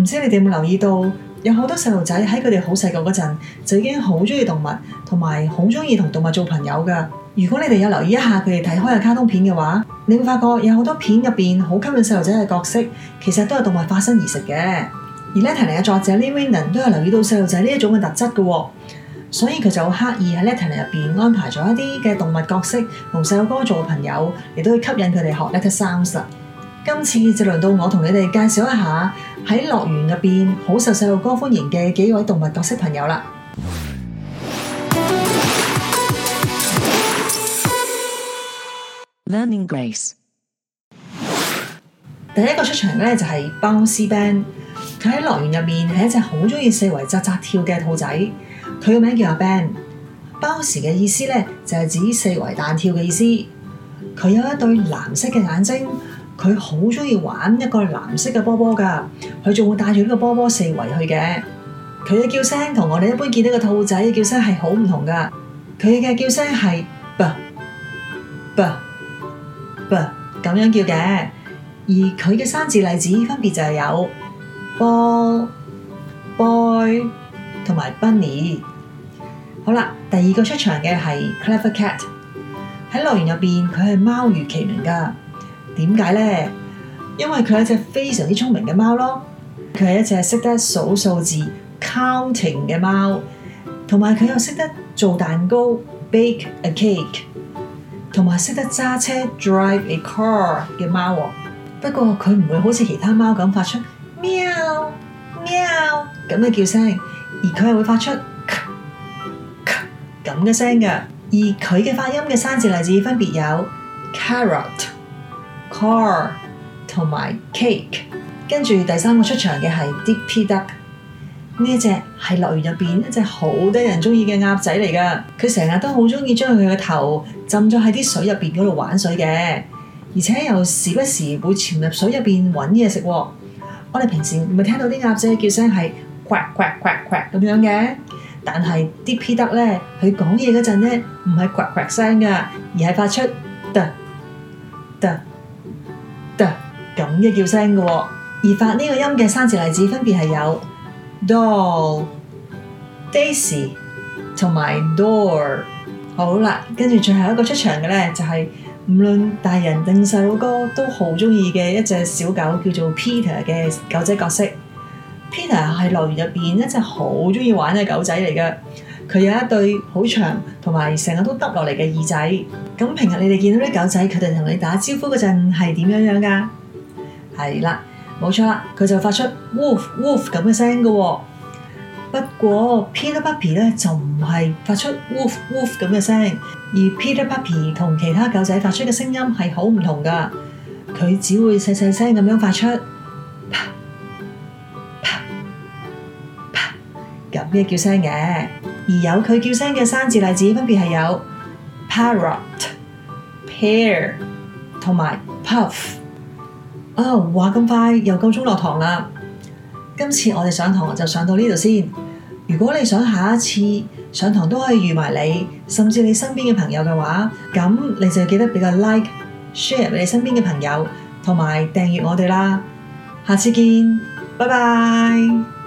唔知道你哋有冇留意到，有好多細路仔喺佢哋好細個嗰陣就已經好中意動物，同埋好中意同動物做朋友噶。如果你哋有留意一下佢哋睇開嘅卡通片嘅話，你會發覺有好多片入面好吸引細路仔嘅角色，其實都係動物化身而成嘅。而 Letterland 嘅作者 Lynn Winton 都有留意到細路仔呢種嘅特質嘅，所以佢就刻意喺 Letterland 入邊安排咗一啲嘅動物角色同細路哥做朋友，亦都可以吸引佢哋學 Letterland Sounds。今次就輪到我同你哋介紹一下喺樂園入邊好受細路哥歡迎嘅幾位動物角色朋友啦。Letterland，第一個出場咧，就係 Bouncy Ben，佢喺樂園入面係一隻好中意四圍扎扎跳嘅兔仔，佢個名叫阿 Ben，Bouncy 嘅意思咧，就係指四圍彈跳嘅意思，佢有一對藍色嘅眼睛。佢好中意玩一個藍色嘅波波噶佢仲會帶住呢個波波四圍去嘅。佢嘅叫聲同我哋一般見到嘅兔仔嘅叫聲係好唔同噶佢嘅叫聲係 ba ba ba 咁樣叫嘅。而佢嘅生字例子分別就係有波 boy 同埋 bunny。好啦，第二個出場嘅係 clever cat。喺樂園入邊，佢係貓如其名噶點解咧？因為佢係一隻非常之聰明嘅貓咯，佢係一隻識得數數字 counting 嘅貓，同埋佢又識得做蛋糕 bake a cake，同埋識得揸車 drive a car 嘅貓。不過佢唔會好似其他貓咁發出喵喵咁嘅叫聲，而佢係會發出咁嘅聲嘅。而佢嘅發音嘅生字例子分別有 carrot。Car 同埋 Cake，跟住第三個出場嘅係 Dippy Duck，呢一隻係樂園入邊一隻好多人鍾意嘅鴨仔嚟噶，佢成日都好鍾意將佢嘅頭浸咗喺啲水入邊嗰度玩水嘅，而且又時不時會潛入水入邊揾嘢食。我哋平時咪聽到啲鴨仔嘅叫聲係呱呱呱呱咁樣嘅，但係 Dippy Duck 咧佢講嘢嗰陣咧唔係呱呱聲㗎，而係發出得得，呃呃咁嘅叫聲嘅、哦，而發呢個音嘅生字例子分別係有 doll、daisy 同埋 door。好啦，跟住最後一個出場嘅咧，就係、是、無論大人定細路哥都好中意嘅一隻小狗，叫做 Peter 嘅狗仔角色。Peter 係樂園入邊一隻好中意玩嘅狗仔嚟嘅。佢有一對好長同埋成日都耷落嚟嘅耳仔。咁平日你哋見到啲狗仔佢哋同你打招呼嗰陣係點樣樣㗎？係啦，冇錯啦，佢就發出 woof woof 咁嘅聲嘅。不過 Peter Puppy 咧就唔係發出 woof woof 咁嘅聲，而 Peter Puppy 同其他狗仔發出嘅聲音係好唔同㗎。佢只會細細聲咁樣發出，啪啪啪，咁咩叫聲嘅？而有佢叫聲嘅生字例子，分別係有 parrot pear，有、oh、pear 同埋 puff。啊，話咁快又夠鐘落堂啦！今次我哋上堂就上到呢度先。如果你想下一次上堂都可以預埋你，甚至你身邊嘅朋友嘅話，咁你就記得畀個 like、share 畀你身邊嘅朋友，同埋訂閱我哋啦。下次見，拜拜。